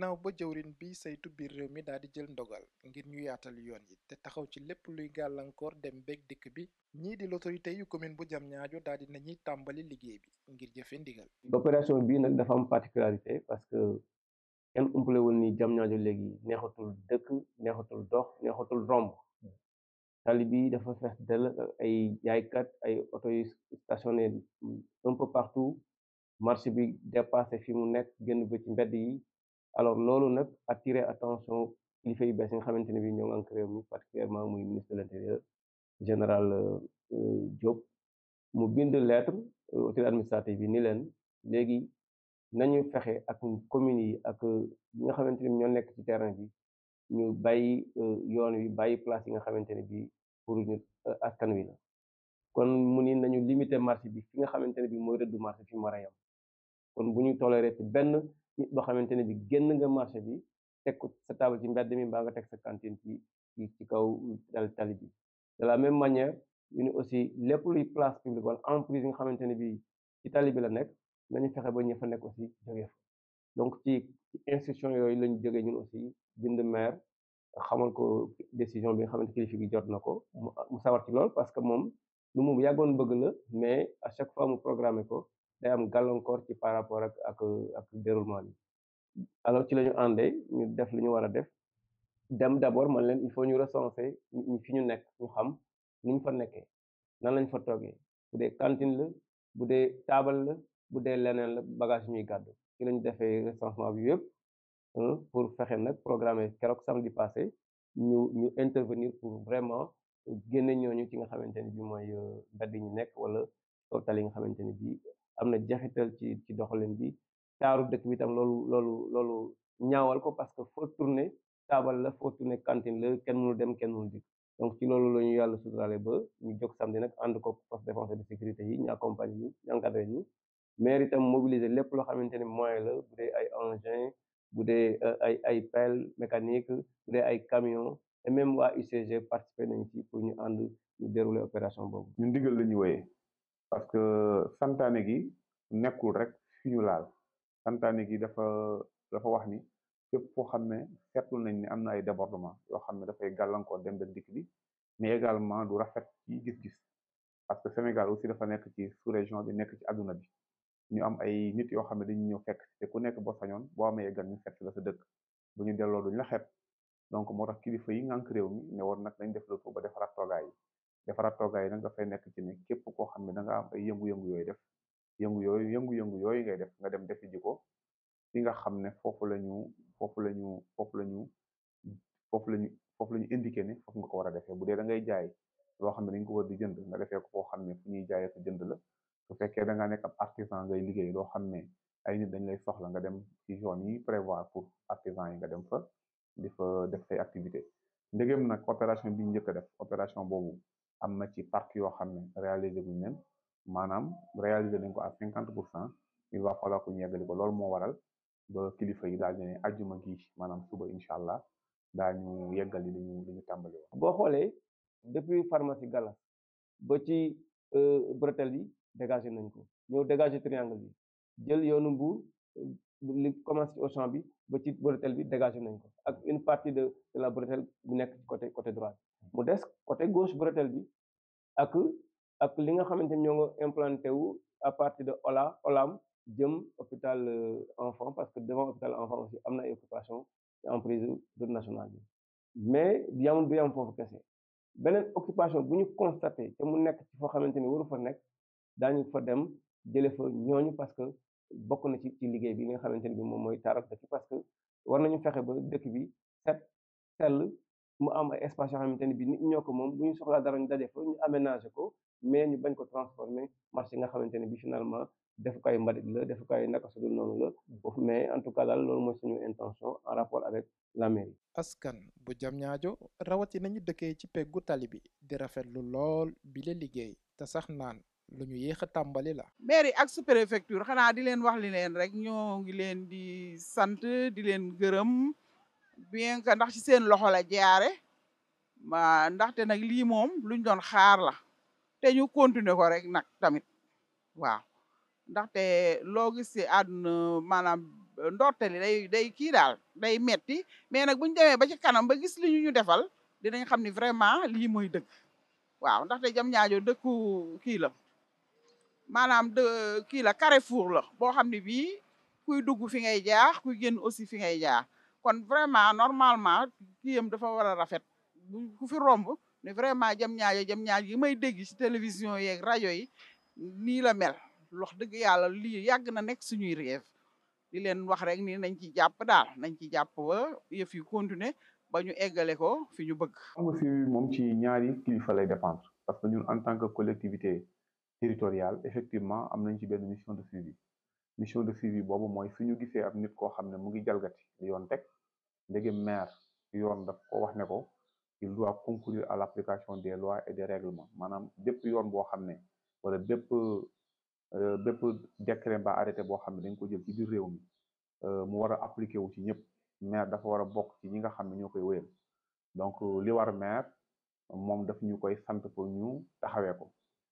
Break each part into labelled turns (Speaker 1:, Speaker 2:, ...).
Speaker 1: naaw ba jëwrin bi saytu biir réew mi daal di jël ndogal ngir ñu yaatal yoon yi te taxaw ci lépp luy gàllankoor dem beeg dikk bi ñii di l'autorité yu commune bu Diamniadio daal di nañuy tàmbali liggéey bi ngir jëfe ndigal. opération
Speaker 2: bii nag dafa am particularité parce que kenn umpale woon jam Diamniadio léegi neexatul dëkk neexatul dox neexatul romb tali bi dafa fees dell ay yaaykat ay oto yu stationné peu partout marché bi dépassé fi mu nekk génn ba ci mbedd yi. alors loolu nag attirer attention kilifa yu bees yi nga xamante ne bi ñoo ngi ànd réew mi particulièrement muy ministre de l' intérieur général euh, euh, Diop mu bind lettre euh, autorité administrative bi ni leen léegi nañu fexe ak communes yi ak ñi nga xamante ne ñoo nekk ci terrain bi ñu bàyyi yoon wi bàyyi place yi nga xamante ne bi pour ñu wi la kon mu ni nañu limiter marché bi fi nga xamante ne bi mooy rëddu marché fi mu war kon bu ñu toléré ci benn nit boo xamante ne bi génn nga marché bi teg sa table ci mbedd mi mbaa nga teg sa cantine ci ci kaw dal tali bi de la même manière ñu ne aussi lépp luy place publique wala entreprise yi nga xamante ne bi ci tali bi la nekk nañu fexe ba ñu fa nekk aussi jóge fa donc ci institution yooyu lañu jógee ñun aussi bind maire xamal ko décision bi nga xamante kilifa gi jot na ko mu sawar ci lool parce que moom lu mu bëgg la mais à chaque fois mu programmé ko day am gàllankoor ci par rapport ak ak ak déroulement bi alors ci la ñu àndee ñu def lu ñu war a def dem d'abord man leen il faut ñu recenser fi ñu nekk ñu xam ni fa nekkee nan lañ fa toogee bu dee cantine la bu dee taabal la bu dee leneen la bagage ñuy gàddu ci la defee recensement bi yëpp pour fexe nag programme keroog samedi passé ñu ñu intervenir pour vraiment génne ñooñu ci nga xamante ne bi mooy euh, mbedd ñu nekk wala tool nga xamante ne bi amna jaxetal ci ci doxalen bi taaru dëkk bi tam loolu loolu loolu ñaawal ko parce que foo tourner taabal la foo tourner cantine la kenn mënul dem kenn mënul dikk donc ci loolu lañu yalla yàlla ba ñu jox samedi nak and ko force défense de sécurité yi ñu accompagner ñu ñu encadré ñu maire itam mobilisé lepp lo xamante ni la budé ay engin budé euh, ay ay pelle mécanique bu ay camion et même wa UCG participer nañ ci pour ñu and ñu dérouler opération bobu
Speaker 3: ñu ndigal lañu ñu parce que santaane gi nekkul rek fi ñu laal santaane gi dafa dafa wax ni képp foo xam ne seetlu nañ ne am na ay débordement yoo xam ne dafay gàllankoor dem dem dikk bi mais également du rafet ci gis-gis parce que Sénégal aussi dafa nekk ci sous-région bi nekk ci àdduna bi ñu am ay nit yoo xam ne dañu ñëw fekk te ku nekk boo sañoon boo amee gan ñu fekk la sa dëkk bu ñu delloo duñ la xeeb donc moo tax kilifa yi ngànk réew mi ne woon nag nañ def la ba defaraat toogaay yi defara toogaay yi nag dafay nekk ci ne képp koo xam ne da nga am ay yëngu-yëngu def yëngu yooyu yëngu-yëngu yooyu ngay def nga dem defi ji ko fi nga xam ne foofu la ñu foofu la ñu foofu la ñu foofu la ñu foofu la ñu indiqué ne foofu nga ko war a defee bu dee da ngay jaay loo xam ne dañ ko war di nga defee ko koo xam ne fu ñuy jaayee jënd la fekkee da nga nekk ab artisan ngay liggéey xam ne ay nit dañ lay soxla nga dem ci zone yi prévoir pour artisan yi nga dem fa di fa def say activité ndegem nag opération bi ñu a def opération boobu am na ci parc yoo xam ne réaliser guñ leen maanaam réaliser nañ ko à cinquante pour cent il va falloir que ñu yeggali ko loolu moo waral ba kilifa yi daal di ne ma gi maanaam suba incha allah daañu yeggali li ñu li ñu tàmbali woon.
Speaker 2: boo xoolee depuis pharmacie Gala ba ci euh, bretelle bi dégagé nañ ko ñëw dégagé triangle bi jël yoonu Mbour euh, li commencé ci Auchan bi ba ci bretelle bi dégagé nañ ko ak une partie de la bretelle bu nekk côté côté droite. mu des côté gauche bretelle bi ak ak li nga xamante ñoo nga implanté wu à partir de Ola Olam jëm hôpital euh, enfant parce que devant hôpital enfant aussi am na ay occupation ci emprise route nationale bi mais yamul du yam foofu kese beneen occupation bu ñu constaté te mu nekk ci foo xamante ni waru fa nekk daañu fa dem jële fa ñooñu parce que bokk na ci ci liggéey bi li nga xamante ni bi moom mooy taaral dëkk parce que war nañu fexe ba dëkk bi set sel mu am ay espace yoo xamante ne bi nit ñoo ko moom bu ñu soxlaa dara ñu daje fa ñu aménagé ko mais ñu bañ ko transformer marché nga xamante ne bi finalement defukaay mbalit la defukaay naka sudul noonu la foofu mais en tout cas daal loolu mooy suñu intention en rapport avec la mairie.
Speaker 1: askan bu Diamniadio rawatina ñu dëkkee ci peggu tali bi di rafetlu lool bi liggéey te sax naan lu ñu a tàmbali la. mairie ak préfecture xanaa di leen wax li rek ñoo ngi bien que ndax ci seen loxo la jaare ma ndaxte nag lii moom luñ doon xaar la te ñu continuer ko rek nag tamit waaw ndaxte loo gis ci àdduna maanaam ndorte li day day kii daal day metti mais nag bu ñu ba ci kanam ba gis li ñu ñu defal dinañ xam ni vraiment lii mooy dëgg waaw ndaxte jam ñaajo dëkku kii la maanaam de kii la carrefour la boo xam ne bii kuy dugg fi ngay jaar kuy génn aussi fi ngay jaar kon vraiment normalement kiyam dafa war a rafet bu ku fi romb ne vraiment jam ñaajo jam ñaaj gi may dégg ci télévision yeeg rajo yi nii la mel wax dëgg yàlla lii yàgg na nekk suñuy rêve di leen wax rek ni nañ ci jàpp daal nañ ci jàpp ba yëf yi continuer ba ñu eggale ko fi ñu bëgg xam
Speaker 3: na fi ci ñaari kilifa lay dépendre parce que en tant que collectivité territoriale effectivement am nañ ci benn mission de suivi mission de suivi boobu mooy fi ñu gisee ab nit koo xam ne mu ngi jalgati li yoon teg ndegem maire yoon daf ko wax ne ko il doit à l' application des lois et des règlements maanaam bépp yoon boo xam ne wala bépp euh, bépp décret ba arrêté boo xam ne dañ ko jël ci biir réew mi euh, mu war a appliqué wu ci ñëpp maire dafa war a bokk ci ñi nga xam ne ñoo koy wéyal donc li war maire moom daf ñu koy sant pour ñu taxawee ko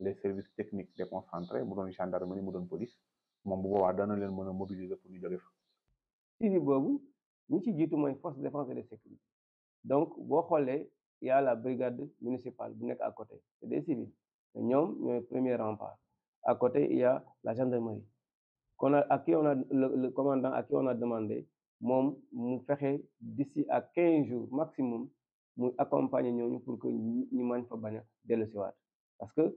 Speaker 3: les services techniques déconcentrés les doon gendarmerie policiers, police moom bu mobiliser pour ñu jóge
Speaker 2: Ici, vous boobu nous ci une force de défense et de sécurité donc voyez, il y a la brigade municipale bu êtes à côté c'est des civils Nous, sommes le premier rempart à côté il y a la gendarmerie à on a le, commandant à qui on a demandé nous mu d'ici à 15 jours maximum nous accompagner pour que ñu ne fa dès le soir. parce que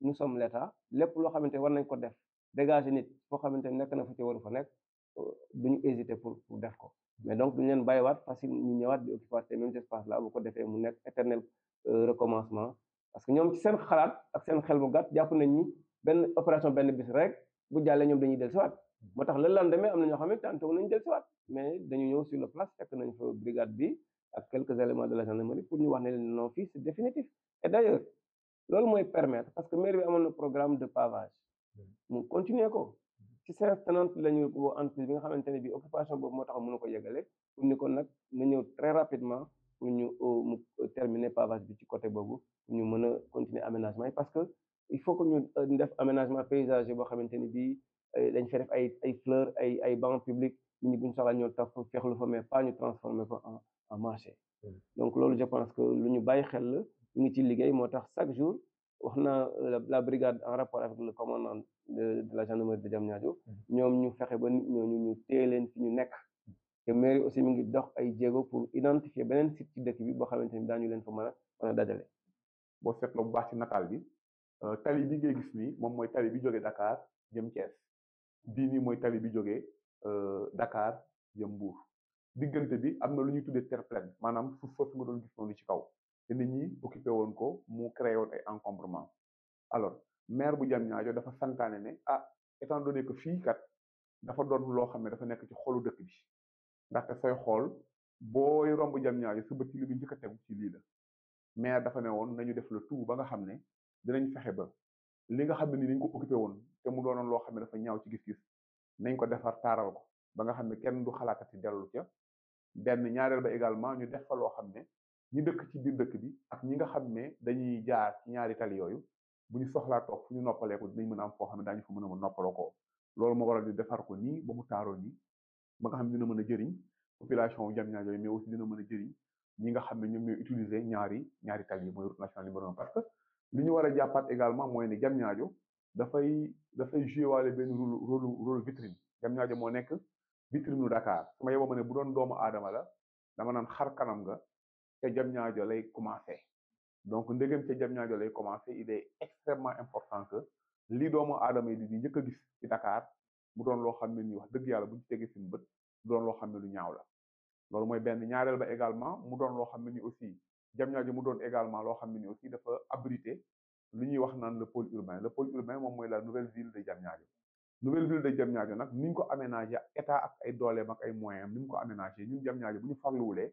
Speaker 2: nous sommes l'État Les loo xamante war nañ ko def dégager nit foo xamante nekk na fu ci waru fa nekk euh, duñu hésiter pour pour def ko mais donc duñu leen bàyyiwaat parce que ñu ñëwaat di occuper ces même espace là bu ko defee mu nekk éternel euh, recommencement parce que nous ci seen xalaat ak seen xel bu pour nous, nañ opération ben opération Vous bis rek bu jàllee des dañuy dellusiwaat moo le lendemain am na ñoo xam ne tantôt nañu dellusiwaat mais dañu ñëw sur le place fekk nañ fa brigade bi ak quelques éléments de la gendarmerie pour ñu wax ne leen non fii définitif et d'ailleurs loolu mooy permettre parce que mairie bi amoon programme de pavage hmm. mu continue ko hmm. ci séance tenante la ñu woo entreprise bi nga xamante ne bi occupation boobu moo tax mënu ko yegale pour ni ko nag na ñëw très rapidement pour ñu euh, mu euh, terminer pavage bi ci côté boobu pour ñu mën continuer aménagement parce que il faut que ñu euh, def aménagement paysager boo xamante ni bii dañ fay def ay ay fleurs ay ay bancs publics nit ñi buñ soxla ñoo fexlu fa mais pas ñu transformer pas en en marché hmm. donc loolu je pense que lu ñu bàyyi xel la ñu ngi ci chaque jour On a la brigade en rapport avec le commandant de de la gendarmerie de Diamniadio Nous, mm-hmm. ñu fexe ba nit ñooñu ñu téye leen fi ñu nekk. te mairie aussi mi ngi dox ay jéego pour identifier bien site ci dëkk bi boo xamante ni daañu leen fa mën a mën
Speaker 3: Bon, c'est le seetloo bu baax ci nataal bi euh, tali bi gis nii moom tali bi Dakar J'aime Thiès bii nii mooy tali bi euh, Dakar jëm Mbour diggante bi am lu ñuy terre pleine maanaam suuf soosu nga doon gis ci kaw. te nit ñi occupé woon ko mu créé woon ay encombrement alors maire bu Diamniadio dafa santaane ne ah étant donné que fii kat dafa doon loo xam ne dafa nekk ci xolu dëkk bi ndaxte sooy xool booy romb Diamniadio suba ci li bi njëkk a tegu ci lii la maire dafa ne woon nañu def le tout ba nga xam ne dinañ fexe ba li nga xam ne ni dañ ko occupé woon te mu doonoon loo xam ne dafa ñaaw ci gis-gis nañ ko defar taaral ko ba nga xam ne kenn du xalaatati dellu ca benn ñaareel ba également ñu def fa loo xam ne ñi dëkk ci biir dëkk bi ak ñi nga xam ne dañuy jaar ci ñaari tali yooyu bu ñu soxlaa toog fu ñu noppaleeku dañ mën a am foo xam ne daañu fa mën a noppaloo ko loolu moo waral ñu defar ko nii ba mu taaroo nii ba nga xam ne dina mën a jëriñ population Diamniadio yooyu mais aussi dina mën a jëriñ ñi xam ne ñoom ñooy utiliser ñaari ñaari tali yi mooy route nationale numéro un parce que li ñu war a jàppaat également mooy ne Diamniadio dafay dafay joué waale benn rôle rôle rôle vitrine Diamniadio moo nekk vitrine nu Dakar su ma yeboo ma ne bu doon doomu aadama la dama naan xar kanam ga que jam ñaajo lay donc ndegem ci jam ñaajo lay commencé il est extrêmement important que li doomu aadama yi di ñëk a gis ci Dakar bu doon lo xam ne wax dëgg yalla bu ñu tegee suñu bët mu doon lo xam lu ñaaw la loolu mooy benn ñaareel ba également mu doon loo xam ne ni aussi jam ñaajo mu doon également loo xam ne ni aussi dafa abrité lu ñuy wax naan le pôle urbain le pôle urbain moom mooy la nouvelle ville de Diamniadio nouvelle ville de Diamniadio nag ni ñu ko aménagé état ak ay dooleem ak ay moyens am ni mu ko aménagé ñun Diamniadio bu ñu farluwulee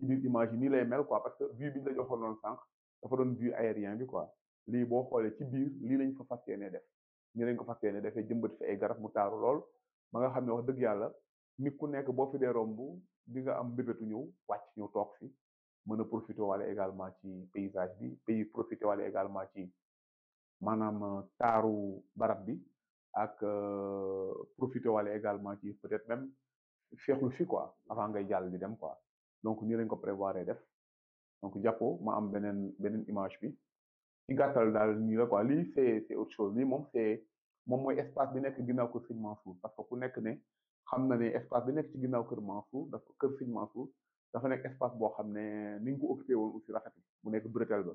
Speaker 3: ci biir image yi nii lay mel quoi parce que vue bi ñu la joxoon noonu sànq dafa doon vue aérien bi quoi li boo xoolee ci biir lii lañ fa fas yéene def nii lañ ko fas yéene defee jëmbat fi ay garab mu taaru lool ba nga xam ne wax dëgg yàlla nit ku nekk boo fi dee romb di nga am mbébétu ñëw wàcc ñëw toog fi mën a profité wala également ci paysage bi pays profité wale également ci maanaam euh, taaru barab bi ak euh, profité wale également ci peut-être même feexlu fi quoi avant ngay jàll di dem quoi donc ni lañ ko prévoir def donc jàppoo ma am benen benen image bi ci gattal dal ni la quoi li c'est c'est autre chose lii mom c'est mom moy espace bi nek ginnaw ko Sëñ Mansour parce que ku nek ne xam na ne espace bi nek ci ginnaw keur Mansour dafa keur Sëñ Mansour dafa nek espace bo xam ni nga ko occupé aussi rafetlu mu nek bretelle ba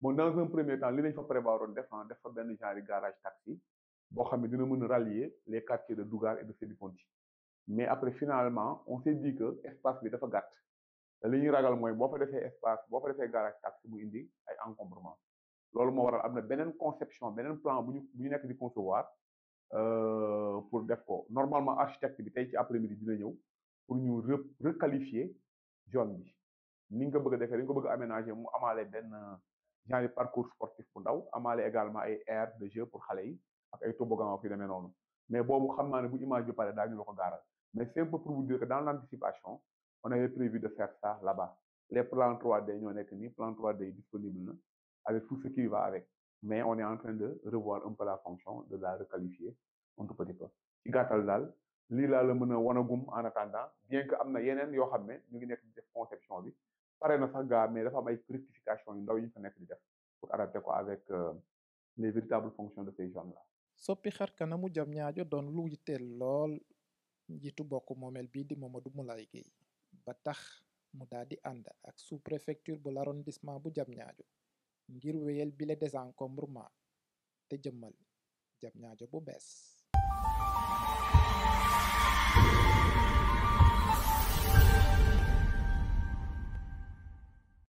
Speaker 3: bon dans un premier temps li lañ fa prévoir woon def ah, def fa benn genre garage taxi bo xam ne dina mën rallier les quartiers de Dougar et de Sidi Ponti mais après finalement on s'est dit que espace bi dafa gàtt la ligne ragal moy bo fa defee espace bo fa defee garage taxi bu indi ay encombrement loolu mo waral amna benen conception benen plan buñu buñu nek di concevoir euh, pour def ko normalement architecte bi tay ci après midi dina ñëw pour ñu requalifier zone bi ni nga bëgg a ni nga bëgg aménager mu amalé ben genre parcours sportif bu ndaw amalé également ay aire de jeu pour xalé yi ak ay toboggan ak yu demee mais bobu xam naa ne bu image bi paré da la ko garal mais c'est pour vous dire que dans l'anticipation on avait prévu de faire ça là-bas. Les plans 3D, nous, on que ni plan 3D disponible avec tout ce qui va avec. Mais on est en train de revoir un peu la fonction, de la requalifier un tout petit peu. Ci gàttal daal lii laa la le a wanagum en attendant bien que amna yenen yo xamné ñu ngi nek di def conception bi Paré na sax ga mais dafa am ay rectification yu ndaw yu ñu fa nek di def pour adapter ko avec euh, les véritables fonctions de ces gens là.
Speaker 1: soppi xar kanamu jam ñaajo doon lu yitteel lool njiitu bokk moomeel di momadou Moulaye ba tax mu daal di ànd ak sous-préfecture bu l'arrondissement bu ñaajo ngir wéyal bile désencombrement te jëmmal Diamniadio bu bees